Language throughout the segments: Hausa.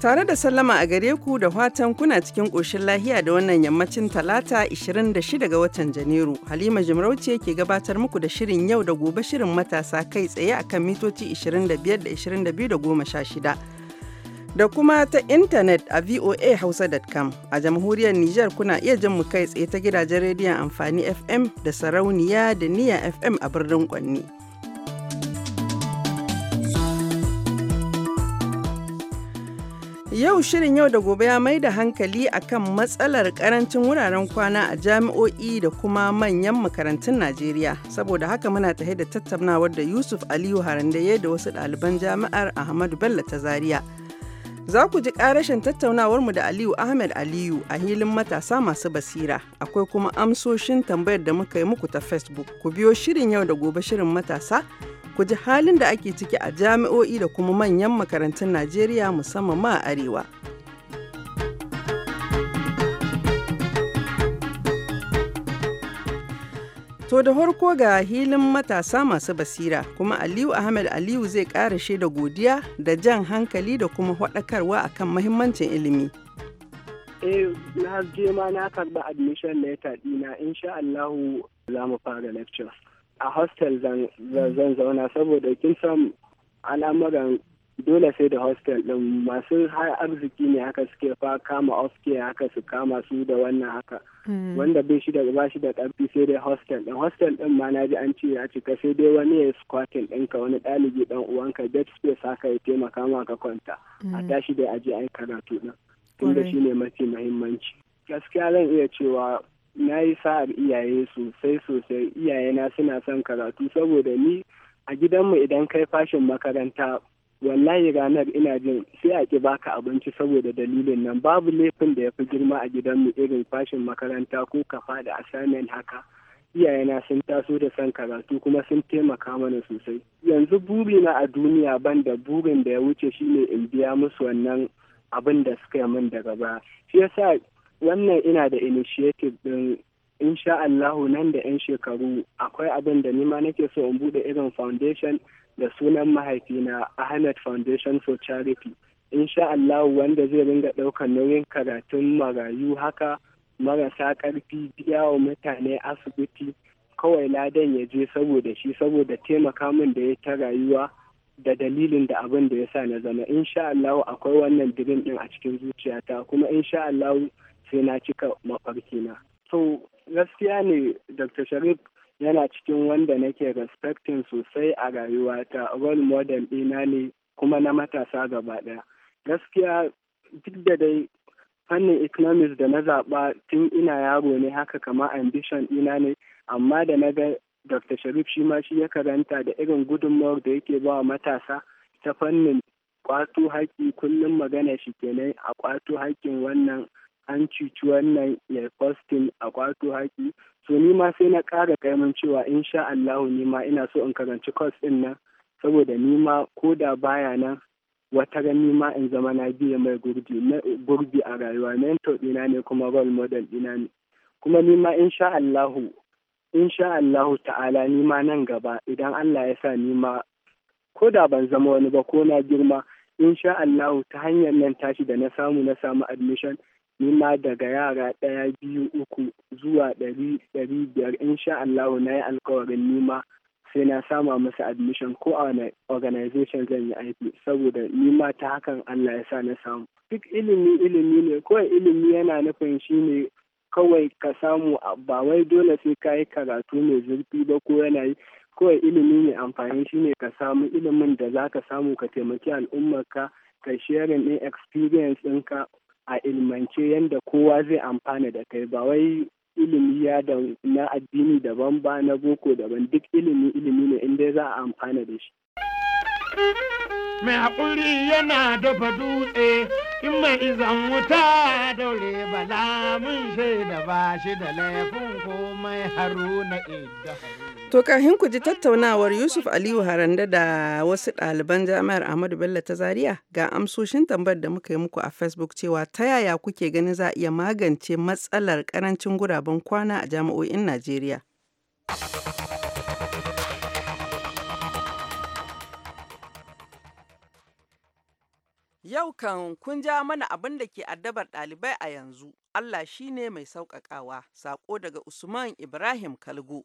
Tare da sallama a gare ku da fatan kuna cikin ƙoshin lahiya da wannan yammacin talata 26 ga watan Janairu. Halima Jimarauci ke gabatar muku da shirin yau da gobe shirin matasa kai tsaye a kan mitoci 25 da 22 da 16. Da kuma ta intanet a voahausa.com a jamhuriyar Nijar kuna iya jin mu kai tsaye ta gidajen rediyon amfani FM da sarauniya da niya FM a birnin Kwanni. Yau shirin yau da gobe ya mai da hankali akan matsalar karancin wuraren kwana a jami'o'i da kuma manyan makarantun Najeriya. Saboda haka muna tahe da tattaunawar da Yusuf Aliyu Harandaye da wasu ɗaliban jami'ar Ahmadu Bello ta Zaria. Za ku ji ƙarashin mu da Aliyu Ahmed Aliyu a hilin matasa masu basira. Akwai kuma amsoshin tambayar da muka yi muku ta Facebook. Ku biyo shirin yau da gobe shirin matasa ku ji halin da ake ciki a jami'o'i da kuma manyan makarantun Najeriya musamman ma a Arewa. To da harko ga hilin matasa masu basira kuma Aliyu Ahmed Aliyu zai ƙara da godiya da jan hankali da kuma haɗakarwa akan mahimmancin ilimi. Eh, na je ma na karɓi admission letter ɗina, insha Allahu za mu fara lecture. a hostel zan zauna saboda kin san al'amuran dole sai da hostel din masu har arziki ne haka suke fa kama oske haka su kama su da wannan haka hmm. wanda bai shi da ba shi da karfi sai dai hostel din hostel din ma na ji an ce ya cika sai dai wani ya squatting ɗinka wani ɗalibi dan uwanka bed space haka ya taimaka ma ka kwanta a hmm. tashi dai aji ai karatu din tunda shi ne mafi muhimmanci gaskiya zan iya cewa na yi sa'ar iyaye sosai sosai iyayena suna son karatu saboda ni a gidanmu idan kai fashin makaranta wallahi ranar ina jin sai a ki baka abinci saboda dalilin nan babu laifin da ya fi girma a gidanmu irin fashin makaranta ko kafa da assignment haka iyayena sun taso da son karatu kuma sun taimaka mana sosai yanzu burina a duniya ban da burin da ya wuce shine in biya musu wannan abin da suka yi min daga baya shi yasa wannan ina da initiative din insha Allahu nan da 'yan shekaru akwai abin da nima nake so in bude irin foundation da sunan mahaifina Ahmed Foundation for Charity. Insha Allahu wanda zai ringa ɗaukar nauyin karatun marayu haka marasa ƙarfi biya mutane asibiti kawai ladan ya je saboda shi saboda taimaka min da ya ta rayuwa da dalilin da abin da ya sa na zama insha Allahu akwai wannan dirin din a cikin zuciyata kuma insha Allahu sai na cika mafarki na. So gaskiya ne Dr. Sharif yana cikin wanda nake respecting sosai a rayuwata role model ɗina ne kuma na matasa gaba ɗaya. Gaskiya duk da dai fannin economics da na zaɓa tun ina yaro ne haka kama ambition ɗina ne amma da na ga Dr. Sharif shi ma shi ya karanta da irin gudunmawar da yake ba wa matasa ta fannin kwato haƙƙi kullum magana shi kenan a kwato haƙƙin wannan an cuci wannan ya posting a kwato haƙi so ni ma sai na ƙara kaiman cewa insha Allahu ni ma ina so in karanci kwas din nan saboda ni ma ko da baya nan wata ran ni ma in zama na biye mai gurbi a rayuwa mentor dina ne kuma role model dina ne kuma ni ma insha Allahu insha Allahu ta'ala ni ma nan gaba idan Allah ya sa ni ma ko da ban zama wani ba ko na girma insha Allahu ta hanyar nan tashi da na samu na samu admission nima daga yara ɗaya biyu uku zuwa ɗari ɗari biyar sha Allahu na yi alkawarin nima sai na sama masa admission ko a wani organization zan yi aiki saboda nima ta hakan Allah ya sa na samu duk ilimi ilimi ne kawai ilimi yana nufin shi ne kawai ka samu ba wai dole sai ka yi karatu mai zurfi ba ko yana yi kawai ilimi ne amfani shi ne ka samu ilimin da za ka samu ka taimaki al'ummarka ka sharing ɗin experience ɗinka a ilmance yadda kowa zai amfana da kai ba wai ilimi ya da na addini daban ba na boko daban duk ilimi ilimi ne inda za a amfana da shi. Mai haƙuri yana dafa dutse in mai izan wuta daure bala mun shaida ba shi da laifin komai haruna idda To kahin ku ji tattaunawar Yusuf Aliyu Haranda da wasu ɗaliban jami'ar Ahmadu Bello ta Zaria ga amsoshin tambar da muka yi muku a Facebook cewa ta yaya kuke ganin za a iya magance matsalar karancin guraben kwana a jami'o'in Najeriya. Yau kan kun ja mana abin da ke addabar ɗalibai a yanzu, Allah shi ne mai sauƙaƙawa, saƙo daga Usman Ibrahim Kalgo.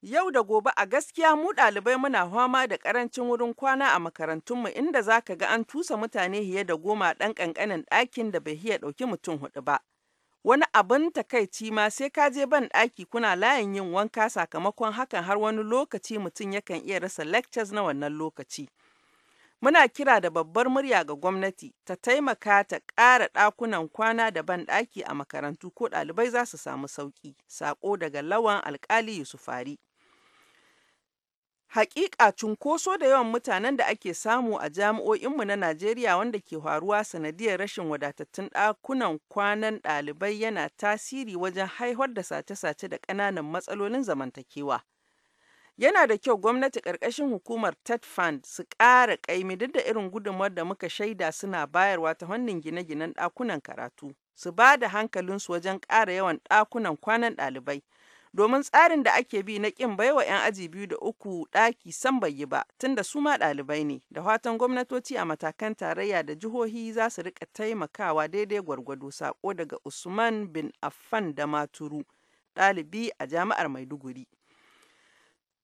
Yau da gobe a gaskiya mu ɗalibai muna fama da ƙarancin wurin kwana a makarantunmu inda za ka ga an tusa mutane hiye da goma ɗan ƙanƙanin ɗakin da bai hiya ɗauki mutum huɗu ba. Wani abin takaici ma sai ka je ban ɗaki kuna layin yin wanka sakamakon hakan har wani lokaci mutum yakan iya rasa lectures na wannan lokaci. Muna kira da babbar murya ga gwamnati ta taimaka ta ƙara ɗakunan kwana da banɗaki a makarantu ko ɗalibai za su samu sauƙi. saƙo daga lawan Yusuf Yusufari. Hakika cunkoso da yawan mutanen da ake samu a jami'o'inmu na Najeriya wanda ke faruwa sanadiyar rashin wadatattun ɗakunan kwanan ɗalibai yana tasiri wajen haihuwar da sace-sace da ƙananan matsalolin zamantakewa. Yana da kyau gwamnati ƙarƙashin hukumar TEDFund su ƙara ƙaimi duk da irin gudunmawar da muka shaida suna bayarwa ta hannun gine-ginen ɗakunan karatu. Su ba da hankalinsu wajen ƙara yawan ɗakunan kwanan ɗalibai. Domin tsarin da ake bi na ƙin baiwa 'yan aji biyu da uku ɗaki san bai yi ba, tunda su ma ɗalibai ne, da fatan gwamnatoci a matakan tarayya da jihohi za su riƙa taimakawa daidai gwargwado sako daga Usman bin Affan da Maturu, ɗalibi a jami'ar Maiduguri.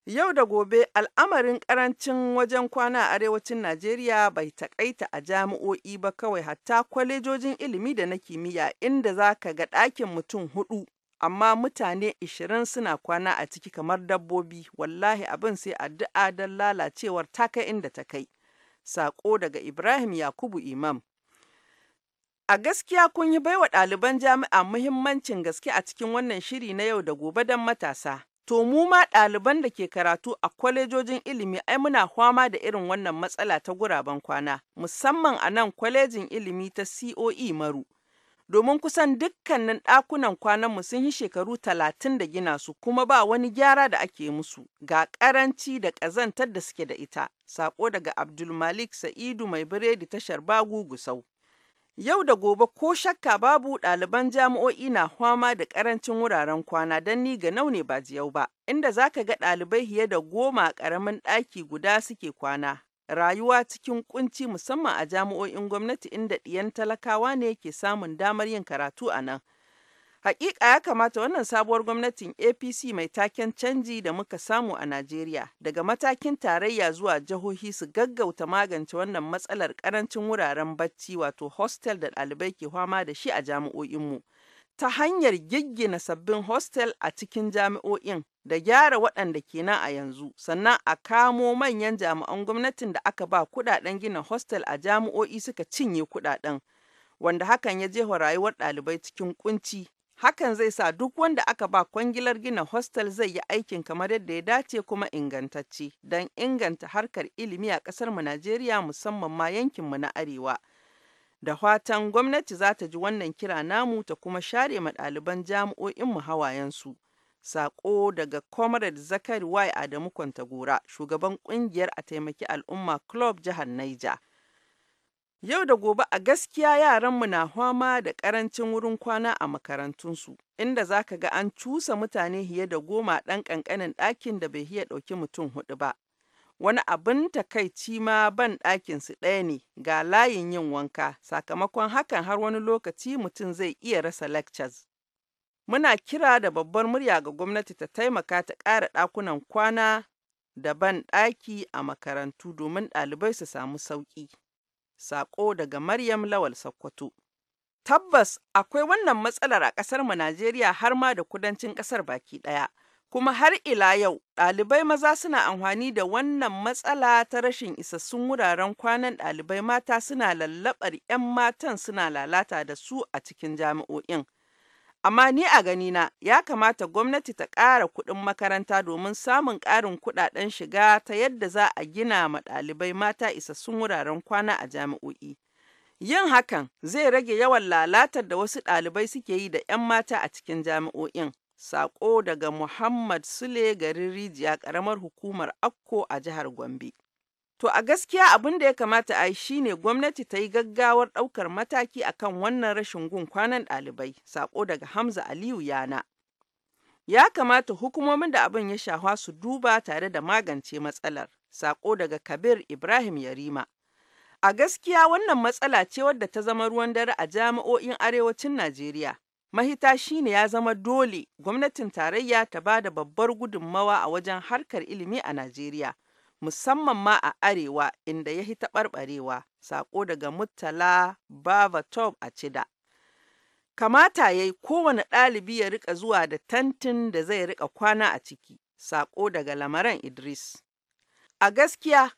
Yau da gobe al'amarin karancin wajen kwana a arewacin Najeriya bai takaita a jami'o'i ba kawai hatta kwalejojin ilimi da na kimiyya inda za ka ga ɗakin mutum hudu amma mutane ishirin suna kwana a ciki kamar dabbobi wallahi abin sai addu'a don lalacewar ta kai inda ta kai. Sako daga Ibrahim Yakubu Imam. A gaskiya kun yi baiwa ɗaliban jami'a muhimmancin gaske a cikin wannan shiri na yau da gobe don matasa. To mu ma ɗaliban da ke karatu a kwalejojin ilimi ai muna fama da irin wannan matsala ta guraben kwana, musamman a nan kwalejin ilimi ta COE Maru. Domin kusan dukkanin ɗakunan kwananmu sun yi shekaru talatin da gina su kuma ba wani gyara da ake musu ga ƙaranci da ƙazantar da suke da ita. Sako daga Abdulmalik Sa'idu mai biredi tashar Bagu Gusau. Yau da gobe ko shakka babu ɗaliban jami'o'i na fama da ƙarancin wuraren kwana don ni ga ne ba jiyau ba, inda za ka ga ɗalibai fiye da goma a ƙaramin ɗaki guda suke kwana. Rayuwa cikin kunci musamman a jami'o'in gwamnati inda ɗiyan talakawa ne ke samun damar yin karatu a nan. Hakika ya kamata wannan sabuwar gwamnatin APC mai taken canji da muka samu a Najeriya daga matakin tarayya zuwa jihohi su gaggauta magance wannan matsalar karancin wuraren bacci wato hostel da ɗalibai ke fama da shi a jami'o'inmu. Ta hanyar giggina sabbin hostel a cikin jami'o'in da gyara waɗanda ke nan a yanzu sannan a kamo manyan jami'an gwamnatin da aka ba kuɗaɗen gina hostel a jami'o'i suka cinye kuɗaɗen. wanda hakan ya jefa rayuwar ɗalibai cikin kunci Hakan zai sa duk wanda aka ba kwangilar gina hostel zai yi aikin kamar yadda ya dace kuma ingantacce don inganta harkar ilimi a ƙasar mu Najeriya musamman ma yankin mu na Arewa. Da fatan gwamnati za ta ji wannan kira namu ta kuma share ma ɗaliban jami'o'in mu hawayensu. Sako daga Comrade Zakari Y Adamu Kwantagora, shugaban kungiyar a taimaki al'umma Club jihar Niger. Yau da gobe a gaskiya yaranmu na fama da ƙarancin wurin kwana a makarantunsu, inda za ka ga an cusa mutane hiye da goma ɗan ƙanƙanin ɗakin da bai hiya ɗauki mutum hudu ba. Wani abin takaici ma ban ɗakinsu ɗaya ne ga layin yin wanka, sakamakon hakan har wani lokaci mutum zai iya rasa lectures. Muna kira da babbar murya ga gwamnati ta taimaka ta ƙara ɗakunan kwana da ban ɗaki a makarantu domin ɗalibai su samu sauƙi. Sako daga Maryam Lawal Sokoto. Tabbas akwai wannan matsalar a ƙasar mu Najeriya har ma da kudancin ƙasar baki ɗaya. Kuma har ila yau ɗalibai maza suna amfani da wannan matsala ta rashin isassun wuraren kwanan ɗalibai mata suna lallaɓar 'yan matan suna lalata da su a cikin jami'o'in. Amma ni a ganina ya kamata gwamnati ta ƙara kuɗin makaranta domin samun ƙarin kuɗaɗen shiga ta yadda za a gina ma ɗalibai mata isassun wuraren kwana a jami'o'i. Yin hakan zai rage yawan lalatar da wasu ɗalibai suke yi da 'yan mata a cikin jami'o'in. Sako daga Muhammad Sule garin Rijiya ƙaramar hukumar Akko a jihar Gombe. To a gaskiya abin da ya kamata a yi shine gwamnati ta yi gaggawar ɗaukar mataki akan wannan rashin gun kwanan ɗalibai, sako daga Hamza Aliyu Yana. Ya kamata hukumomin da abin ya shafa su duba tare da magance matsalar, sako daga Kabir Ibrahim Yarima. A gaskiya wannan matsala ce wadda ta zama ruwan dare a jami'o'in arewacin Najeriya. Mahita shine ya zama dole gwamnatin tarayya ta ba da babbar gudunmawa a wajen harkar ilimi a Najeriya. musamman ma a arewa inda ya hita barbarewa sako daga Murtala Bavatov a Cida. Kamata ya yi kowane ɗalibi ya rika zuwa da tantin da zai rika kwana a ciki, sako daga lamaran Idris. A gaskiya,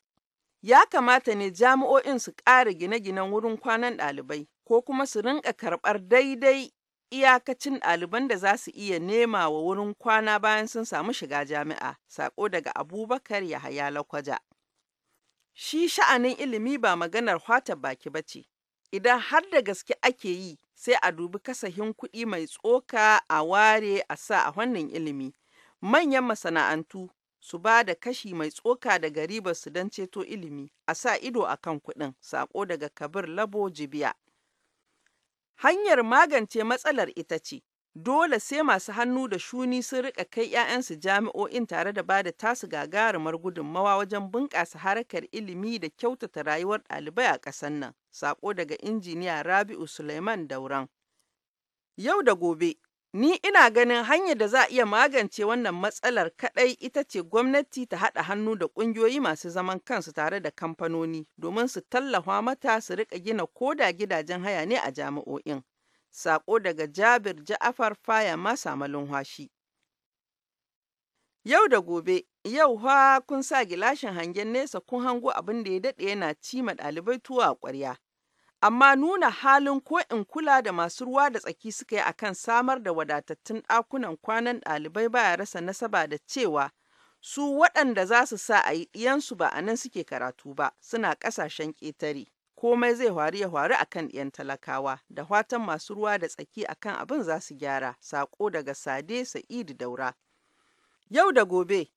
ya kamata ne jami'o'in su ƙara gine-ginen wurin kwanan ɗalibai ko kuma su rinka karɓar daidai iyakacin ɗaliban da za su iya nema wa wurin kwana bayan sun samu shiga jami'a, sako daga Abubakar Yahaya Lakwaja. Shi sha'anin ilimi ba maganar hwata baki ba ce, idan har da gaske ake yi sai a dubi kasahin kuɗi mai tsoka a ware a sa a wannan ilimi. Manyan masana'antu su ba da kashi mai tsoka daga su don ceto ilimi, a sa ido a kan kuɗin, sako daga Kabir Labo Jibiya. Hanyar magance matsalar ita ce, dole sai masu hannu da shuni sun rika kai 'ya'yansu jami'o'in tare da bada tasu gagarumar gudunmawa wajen bunƙasa harkar ilimi da kyautata rayuwar ɗalibai a ƙasar nan. Sako daga Injiniya Rabi'u Suleiman Dauran. Yau da gobe Ni ina ganin hanyar da za a iya magance wannan matsalar kaɗai ita ce gwamnati ta haɗa hannu da ƙungiyoyi masu zaman kansu tare da kamfanoni domin su tallafa mata su riƙa gina koda gidajen haya ne a jami'o'in. Sako daga Jabir Ja'afar Faya Masa malunhashi Yau da gobe, yau ha kun sa gilashin hangen nesa kun hango abin da ya daɗe yana cima ɗalibai tuwo a ƙwarya. amma nuna halin ko in kula da masu ruwa da tsaki suka yi akan samar da wadatattun ɗakunan kwanan ɗalibai baya rasa nasaba da cewa su waɗanda za su sa a yi ɗiyansu ba a nan suke karatu ba suna ƙasashen ƙetare komai zai hwari ya a akan ɗiyan talakawa da fatan masu ruwa da tsaki akan abin za su gyara saƙo daga sade sa'idu daura yau da gobe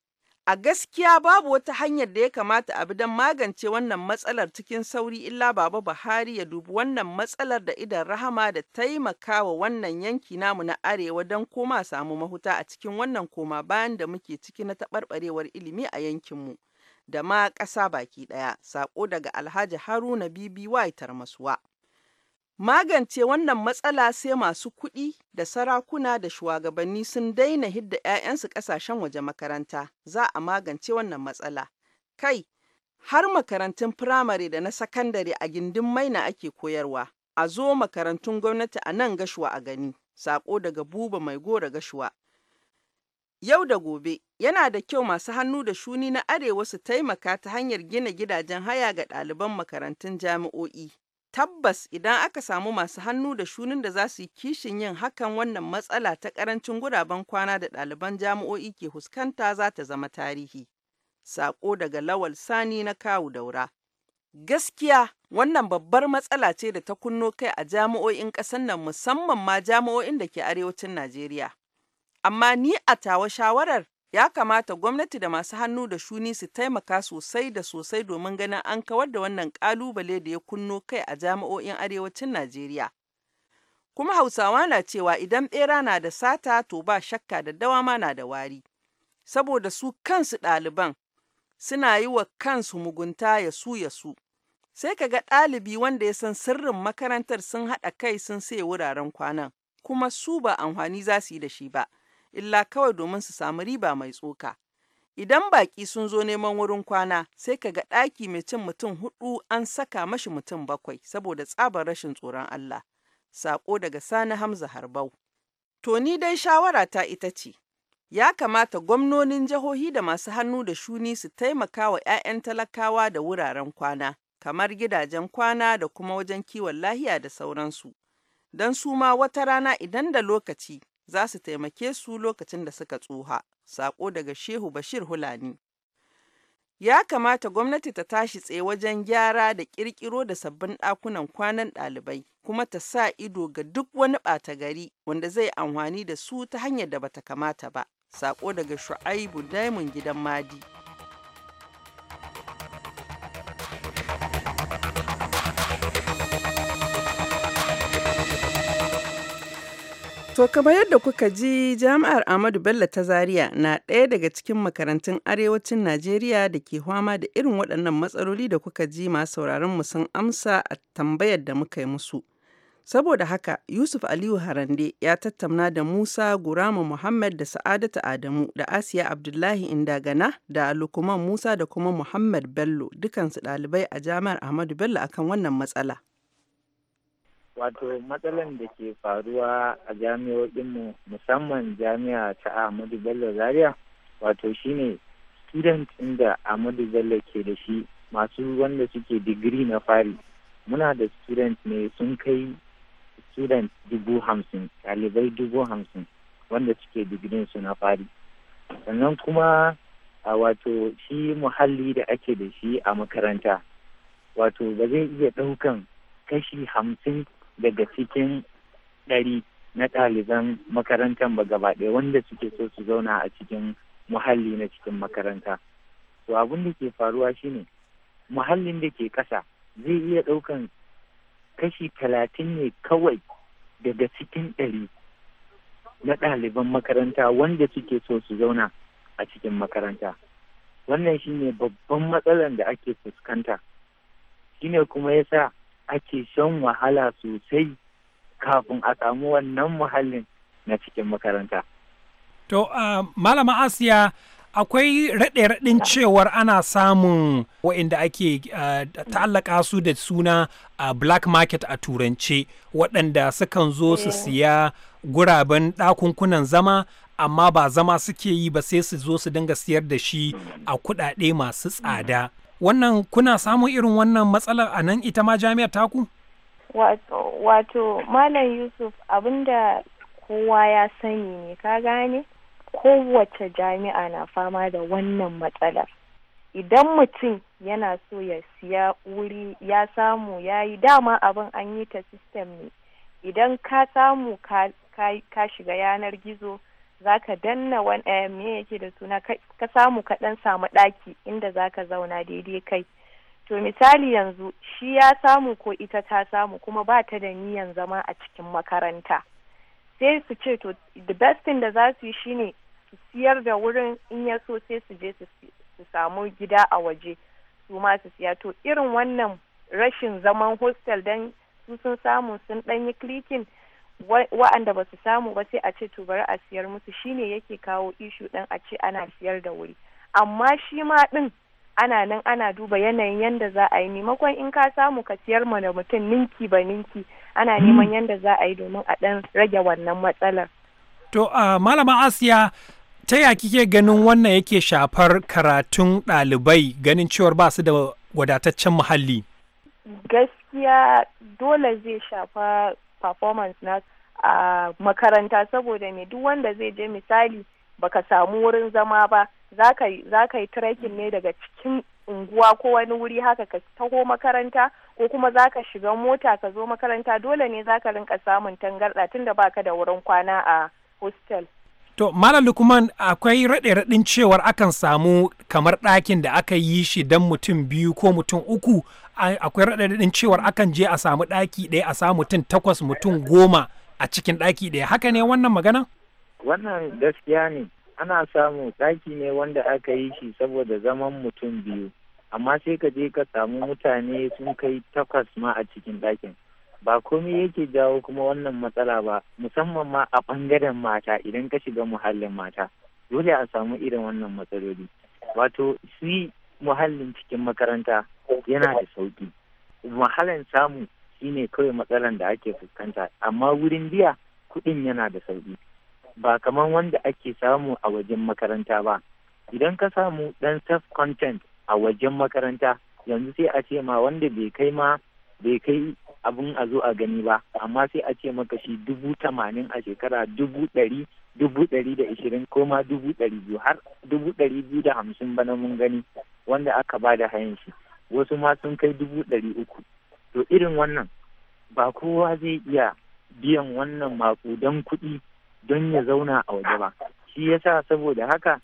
A gaskiya babu wata hanyar da ya kamata a don magance wannan matsalar cikin sauri illa Baba Buhari ya dubi wannan matsalar da idan rahama da taimakawa wannan yanki namu na arewa don koma samu mahuta a cikin wannan koma bayan da muke ciki na taɓarɓarewar ilimi a yankinmu da ma ƙasa baki ɗaya. saƙo daga Alhaji Haruna BBY Tarmasuwa. Magance wannan matsala sai masu kuɗi da sarakuna da shugabanni sun daina hidda 'ya'yansu ƙasashen waje makaranta, za a magance wannan matsala. Kai, har makarantun firamare da na sakandare a gindin maina ake koyarwa, a zo makarantun gwamnati a nan gashuwa a gani, saƙo daga buba mai gora gashuwa. Yau da gobe, yana da kyau masu hannu da shuni na Arewa su taimaka ta hanyar gina gidajen haya ga ɗaliban makarantun jami'o'i. tabbas idan aka samu masu hannu da shunin da za su yi kishin yin hakan wannan matsala ta karancin guraben kwana da ɗaliban jami'o'i ke huskanta za ta zama tarihi. Sako daga Lawal Sani na kawu daura. Gaskiya wannan babbar matsala ce da ta kunno kai a jami'o'in ƙasar nan musamman ma jami'o'in da ke arewacin Najeriya. Amma ni a tawa shawarar ya kamata gwamnati da masu hannu da shuni su taimaka sosai da sosai domin ganin an kawar da wannan kalubale da ya kunno kai a jami'o'in arewacin Najeriya. Kuma Hausawa na cewa idan bera na da sata to ba shakka da dawama na da wari. Saboda su kansu ɗaliban suna yi wa kansu mugunta ya su ya su. Sai ka ga ɗalibi wanda ya san sirrin makarantar sun haɗa kai sun sai wuraren kwanan, kuma su ba amfani za su yi da shi ba. illa kawai domin su samu riba mai tsoka. Idan baƙi sun zo neman wurin kwana, sai ka ga ɗaki mai cin mutum hudu an saka mashi mutum bakwai saboda tsabar rashin tsoron Allah. Saƙo daga Sani Hamza Harbau. To ni dai shawara ta ita ce, ya kamata gwamnonin jihohi da masu hannu da shuni su taimaka wa 'ya'yan talakawa da wuraren kwana, kamar gidajen kwana da kuma wajen kiwon lahiya da sauransu. Don su ma wata rana idan da lokaci za su taimake su lokacin da suka tsoha, Sako daga Shehu Bashir Hulani. Ya kamata gwamnati ta tashi tsaye wajen gyara da ƙirƙiro da sabbin ɗakunan kwanan ɗalibai, kuma ta sa ido ga duk wani ɓata gari wanda zai amfani da su ta hanyar da bata kamata ba. Sako daga Shu'aibu Daimun Gidan Madi. To kamar yadda kuka ji jami'ar Ahmadu Bello ta Zaria na ɗaya daga cikin makarantun arewacin Najeriya da ke fama da irin waɗannan matsaloli da kuka ji masu sauraron mu sun amsa a tambayar da muka yi musu. Saboda haka Yusuf Aliyu Harande ya tattauna da Musa Gurama Muhammad da Sa'adatu Adamu da Asiya Abdullahi Indagana da Lukuman Musa da kuma Muhammad Bello dukansu ɗalibai a jami'ar Ahmadu Bello akan wannan matsala. wato matsalan da ke faruwa a jami'o'inmu musamman jami'a ta ahmadu bello zaria wato shine student inda ahmadu bello ke da shi masu wanda suke digiri na fari muna da student ne sun kai student dubu hamsin ɗalibai dubu hamsin wanda suke digirin su na fari sannan kuma a wato shi muhalli da ake da shi a makaranta wato ba zai iya ɗaukan kashi hamsin daga cikin ɗari na ɗaliban makarantar ba gaba ɗaya wanda suke so su zauna a cikin muhalli na cikin makaranta to abin da ke faruwa shine muhallin da ke ƙasa zai iya ɗaukan kashi talatin ne kawai daga cikin ɗari na ɗaliban makaranta wanda suke so su zauna a cikin makaranta wannan shine babban matsalar da ake fuskanta shine kuma ya sa. ake shan wahala sosai kafin a samu wannan muhallin na cikin makaranta. To, Malama Asiya, akwai raɗe-raɗin cewar ana samun waɗanda ake ta'allaka su da suna a black market a turance waɗanda sukan zo su eh. siya guraben ɗakunkunan zama amma ba zama suke yi ba sai su zo su dinga siyar da shi a kuɗaɗe masu tsada. wannan kuna samun irin wannan matsalar a nan ita ma jami'ar taku? Wato, Malam Yusuf abinda kowa ya sani ne, ka gane? Kowace jami'a na fama da wannan matsalar. Idan mutum yana so ya siya wuri ya samu ya yi dama abin an yi ta sistem ne. Idan ka samu ka shiga yanar gizo za ka danna wani eh, me yake da suna ka samu ka samu ɗaki inda za ka zauna daidai kai to misali yanzu shi ya samu ko ita ta samu kuma ba ta da niyan zama a cikin makaranta sai su ce to the best thing da za su yi shine su siyar da wurin in ya so sai su je su samu gida a waje su ma su siya to irin wannan rashin zaman hostel don su sun samu sun ɗanyi yi clicking wa'anda ba su samu ba sai a ce to bari a siyar musu shine yake kawo ishu ɗin a ce ana siyar da wuri amma shi ma ɗin ana nan ana duba yanayin yanda za a yi maimakon in ka samu ka siyar ma da mutum ninki ba ninki ana hmm. neman yanda za a yi domin a ɗan rage wannan matsalar. To a malama Asiya ta ya kike ganin wannan yake shafar karatun ɗalibai ganin cewar ba su da wadataccen muhalli? Gaskiya dole zai shafa performance na a makaranta saboda me duk wanda zai je misali baka samu wurin zama ba za ka yi trekking ne daga cikin unguwa ko wani wuri haka ka taho makaranta ko kuma za ka shiga mota ka zo makaranta dole ne za ka rinka samun tangarɗa tunda baka da wurin kwana a hostel. To, Malam Lukman akwai raɗe-raɗin cewar akan samu kamar ɗakin da aka yi shi don mutum biyu ko mutum uku akwai raɗaɗin cewar akan je a samu ɗaki ɗaya a samu mutum takwas mutum goma a cikin ɗaki ɗaya haka ne wannan magana? Wannan gaskiya ne ana samu ɗaki ne wanda aka yi shi saboda zaman mutum biyu amma sai ka je ka samu mutane sun kai takwas ma a cikin ɗakin ba komai yake jawo kuma wannan matsala ba musamman ma a ɓangaren mata idan ka shiga muhallin mata dole a samu irin wannan matsaloli wato shi muhallin cikin makaranta yana da sauki wahalan samu shine kawai matsalan da ake fuskanta amma wurin biya kuɗin yana da sauki ba kamar wanda ake samu a wajen makaranta ba idan ka samu ɗan self content a wajen makaranta yanzu sai a ce ma wanda bai kai ma bai kai abin a zo a gani ba amma sai a ce maka shi dubu tamanin a shekara dubu ɗari dubu ɗari da ishirin ko ma dubu ɗari biyu har dubu ɗari biyu da hamsin bana mun gani wanda aka ba da hayan shi wasu ma sun kai dubu ɗari uku to irin wannan ba kowa zai iya biyan wannan maƙudan kuɗi don ya zauna a waje ba shi yasa saboda haka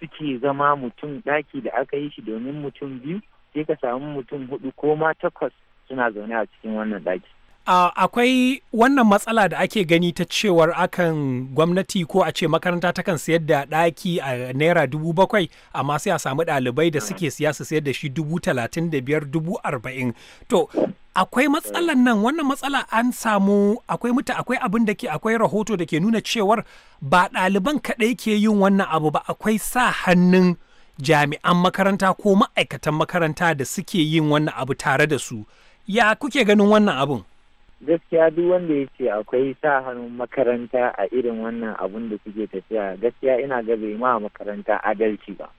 suke zama mutum ɗaki da aka yi shi domin mutum biyu sai ka samu mutum hudu ko ma takwas suna zaune a cikin wannan ɗaki akwai wannan matsala da ake gani ta cewar akan gwamnati ko a ce makaranta takan sayar da ɗaki a naira dubu bakwai amma sai a samu ɗalibai da suke siya su sayar da shi dubu talatin da biyar dubu arba'in to akwai matsalan nan wannan matsala an samu akwai muta akwai abin da ke akwai rahoto da ke nuna cewar ba ɗaliban kaɗai ke yin wannan abu ba akwai sa hannun jami'an makaranta ko ma'aikatan makaranta da suke yin wannan abu tare da su ya kuke ganin wannan abun gaskiya duk wanda ya ce akwai sa hannun makaranta a irin wannan abun da suke tafiya gaskiya ina ga bai ma makaranta adalci ba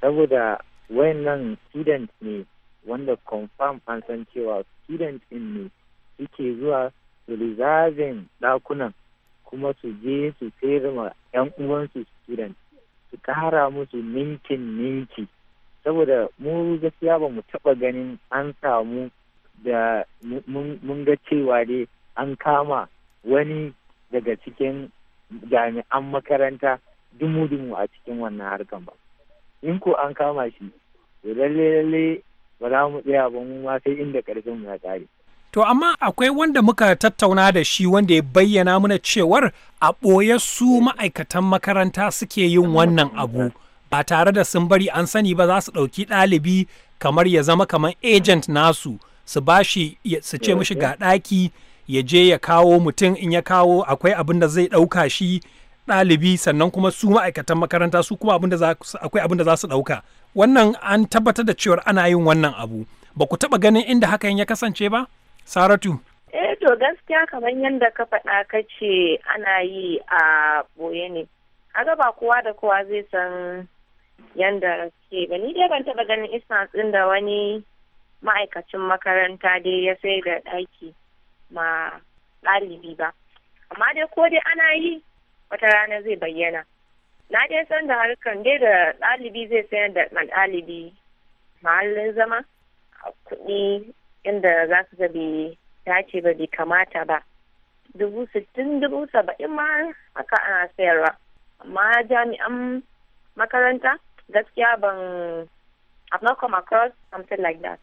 saboda wayannan student ne wanda confirm an san cewa student din ne suke zuwa su rizazin dakunan kuma su je su ma yan uwansu student su kara musu ninkin ninki saboda mu gaskiya ba mu taɓa ganin an samu da mun ga cewa dai an kama wani daga cikin jami'an makaranta dumu-dumu a cikin wannan harkan ba in ko an kama shi lalle-lalle ba za mu tsaya ba mu ma sai inda ƙarfin mu ya kare. To amma akwai wanda muka tattauna da shi wanda ya bayyana mana cewar a ɓoye su ma'aikatan makaranta suke yin wannan abu ba tare da sun bari an sani ba za su ɗauki ɗalibi kamar ya zama kamar agent nasu su bashi su ce mishi ga eh, eh. ɗaki ya je ya kawo mutum in ya kawo akwai abin da zai ɗauka shi ɗalibi sannan kuma su ma'aikatan makaranta su kuma akwai abin da za su ɗauka wannan an tabbatar da cewar ana yin wannan abu ba ku taɓa ganin inda haka ya kasance ba saratu eh to gaskiya kamar yadda ka faɗa ka ce ana yi a ɓoye ne a ba kowa da kowa zai san yadda ke ba ni dai ban taɓa ganin instance ɗin da wani ma'aikacin makaranta dai ya sai da ɗaki ma ɗalibi ba amma dai ko dai ana yi wata rana zai bayyana na dai san da harkan dai da ɗalibi zai sayar da ɗalibi mahallin zama a kuɗi inda za su ga bai dace ba bai kamata ba dubu sittin dubu saba'in ma haka ana sayarwa amma jami'an makaranta gaskiya ban I've not come across something like that.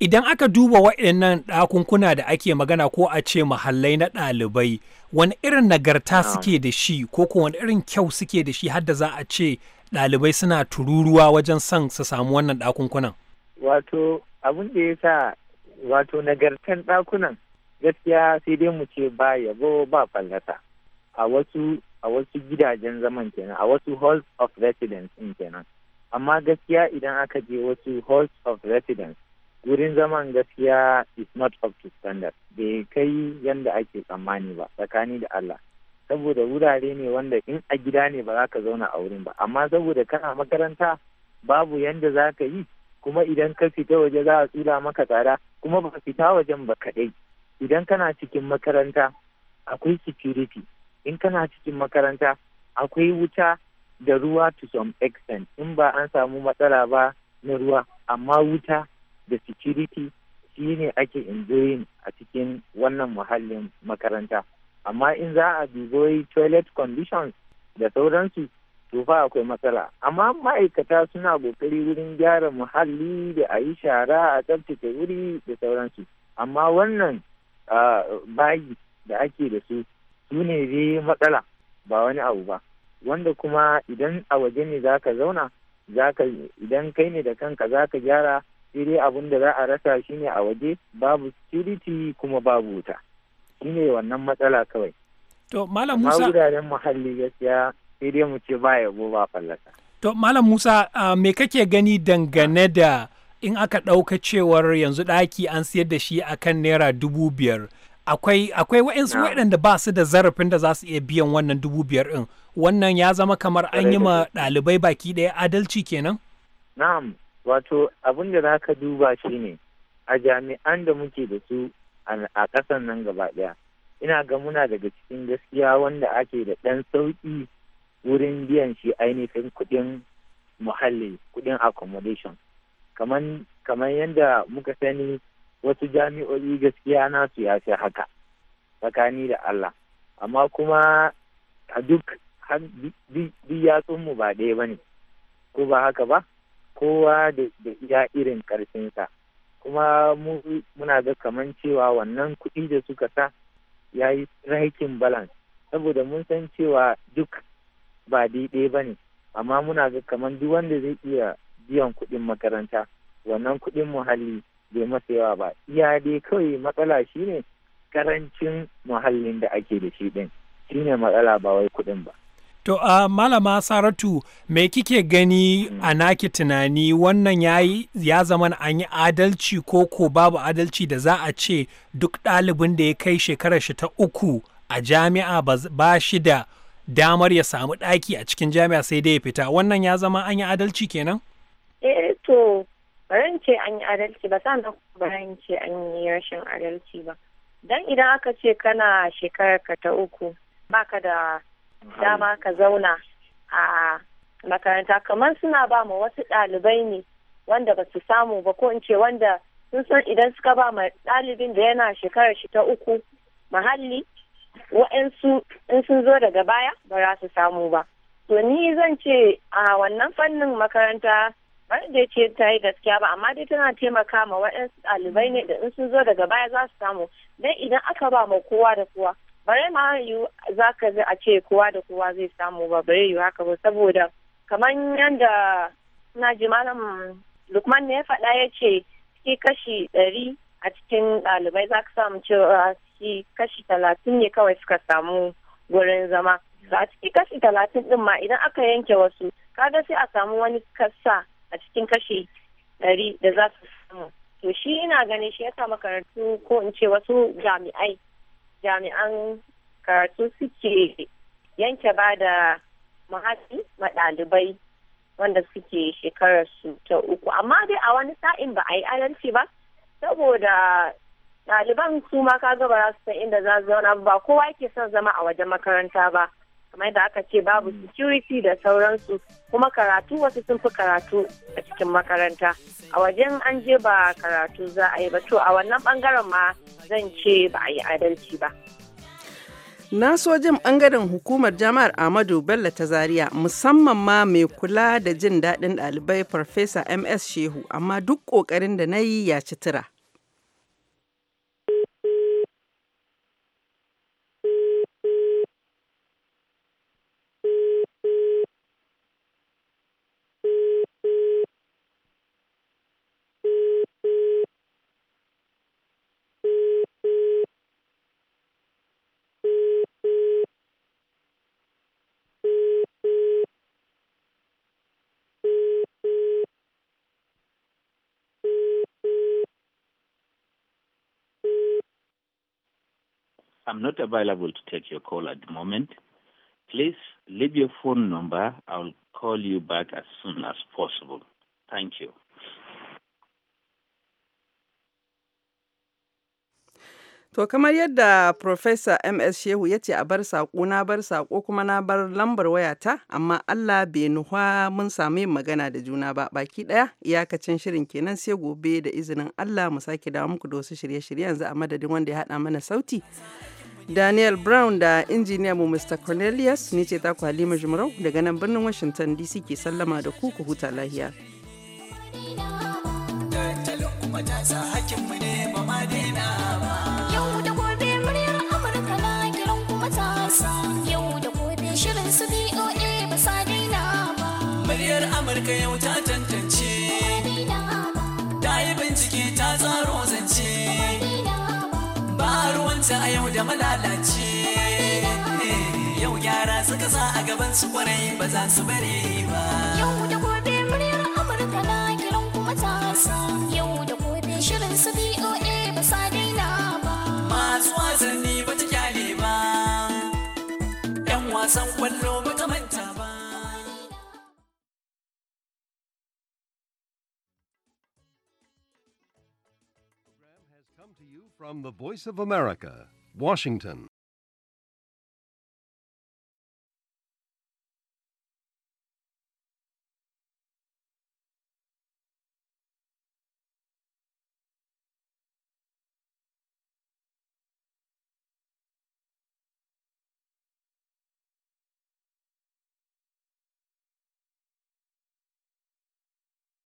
Idan aka duba waɗannan ɗakunkuna da ake magana ko a ce mahallai na ɗalibai, wani irin nagarta suke da shi ko kuma wani irin kyau suke da shi hadda za a ce ɗalibai suna tururuwa wajen son su samu wannan ɗakunkunan? Wato abin da ya sa wato nagartan ɗakunan gaskiya sai dai mu ce ba yabo ba fallasa a wasu a wasu gidajen zaman kenan a wasu halls of residence in kenan amma gaskiya idan aka je wasu halls of residence wurin zaman gaskiya is not up to standard bai kai yanda ake tsammani ba tsakani da Allah saboda wurare ne wanda in a gida ne ba za ka zauna a wurin ba amma saboda kana makaranta babu yanda za ka yi kuma idan ka fita waje za a tsira maka tsada kuma ba fita wajen ba kaɗai idan kana cikin makaranta akwai security in kana cikin makaranta akwai wuta da ruwa to some extent in ba an samu matsala ba na ruwa amma wuta da security shi ne ake enjoying a cikin wannan muhallin makaranta amma in za a dubi toilet conditions da sauransu to fa akwai matsala amma ma'aikata suna kokari wurin gyara muhalli da a yi shara a tsabtace wuri da sauransu amma wannan bayi da ake da su su ne zai matsala ba wani abu ba wanda kuma idan a waje ne za ka zauna idan kai ne da kanka za ka gyara sai dai abin da za a rasa shine a waje babu security kuma babu wuta shine wannan matsala kawai to malam musa wuraren muhalli gaskiya sai dai mu ce ba yabo ba fallaka to malam musa uh, me kake gani dangane da in aka ɗauka cewar yanzu ɗaki an siyar da shi akan naira dubu biyar akwai akwai wa'insu waɗanda ba su da zarafin da za su iya biyan wannan dubu biyar ɗin wannan ya zama kamar an yi ma ɗalibai baki ɗaya adalci kenan na'am wato abin da za ka duba shi ne a jami'an da muke da su a ƙasan nan gaba ɗaya ina ga muna daga cikin gaskiya wanda ake da ɗan sauƙi wurin biyan shi ainihin kuɗin muhalli kuɗin accommodation kaman kamar yadda muka sani wasu jami'o'i gaskiya nasu ya fi haka tsakani da Allah amma kuma a duk mu ba ɗaya ba ne ko ba haka ba kowa da iya irin ƙarfinsa kuma muna ga kaman cewa wannan kuɗi da suka sa ya yi striking balance saboda mun san cewa duk ba daidai ba ne amma muna ga kaman duk wanda zai iya biyan kuɗin makaranta wannan kuɗin muhalli bai masa yawa ba iya dai kawai matsala shine karancin muhallin da ake da shi ɗin shine matsala ba wai kuɗin ba To uh, malama Saratu me kike gani a mm. naki tunani wannan yayi ya zama an yi adalci ko ko babu adalci da za a ce duk ɗalibin da ya kai shekarar shi ta uku a jami'a ba shi da damar ya samu ɗaki a cikin jami'a sai dai ya fita wannan ya zama an yi adalci kenan? Eh to baran ce an yi adalci ba sannan baran ce an yi rashin adalci ba. Dan idan aka ce kana shekarar ka ta uku baka da dama ka zauna a makaranta kamar suna ba ma wasu ɗalibai ne wanda ba su samu ba ko in ce wanda sun san idan suka ba ma ɗalibin da yana shekarar shi ta uku mahalli wa'ansu in sun zo daga baya ba za su samu ba to ni zan ce a wannan fannin makaranta bar da ce ta yi gaskiya ba amma dai tana taimaka ma wa'ansu ɗalibai ne da in sun zo daga baya za su samu dan idan aka ba ma kowa da kowa bare ma yu za ka zai a ce kowa da kowa zai samu ba bare yu haka ba saboda kamar yadda na ji malam lukman ne ya faɗa ya ce shi kashi ɗari a cikin ɗalibai za ka samu cewa shi kashi talatin ne kawai suka samu gurin zama a ciki kashi talatin din ma idan aka yanke wasu kaga sai a samu wani kasa a cikin kashi ɗari da za su samu to shi ina ganin shi ya sa makarantu ko in ce wasu jami'ai jami'an karatu suke yanke ba da mahaɗi maɗalibai wanda suke shekararsu su ta uku amma dai a wani sa'in ba a yi adalci ba saboda ɗaliban su ma ka gaba za su san inda za su zauna ba kowa yake son zama a wajen makaranta ba kamar da aka ce babu mm. security da sauransu kuma karatu wasu sun fi karatu a cikin makaranta a wajen an je ba karatu za a yi ba to a wannan bangaren ma zan ce ba a yi adalci ba na so jin bangaren hukumar jama'ar Ahmadu Bello ta Zaria musamman ma mai kula da jin daɗin ɗalibai Farfesa MS Shehu amma duk ƙoƙarin da na yi ya ci tura. I'm not available to take your call at the moment. Please leave your phone number. I'll call you back as soon as possible. Thank you. To kamar yadda Professor MS Shehu ya ce a bar saƙo na bar saƙo kuma na bar lambar wayata amma Allah bai nuha mun sami magana da juna ba baki ɗaya iyakacin shirin kenan sai gobe da izinin Allah mu sake dawo muku da wasu shirye-shirye yanzu a madadin wanda ya haɗa mana sauti. Daniel Brown da injiniya mu Mr. Cornelius ni ce ta Halima Jumrau daga nan birnin Washington DC ke sallama da ku ku huta lahiya. Yau da gobe muryar Amurka na kiran kuma Yau da gobe shirin su BOA ba sa daina ba. Muryar Amurka yau ta masu a yau da malalaci yau gyara suka sa a gaban su kwarai ba za su bare ba yau da gobe muryar amurka na kiran kuma ta yau da gobe shirin su boa ba sa daina ba masu wasanni ba ta kyale ba yan wasan kwallo ba From the Voice of America, Washington.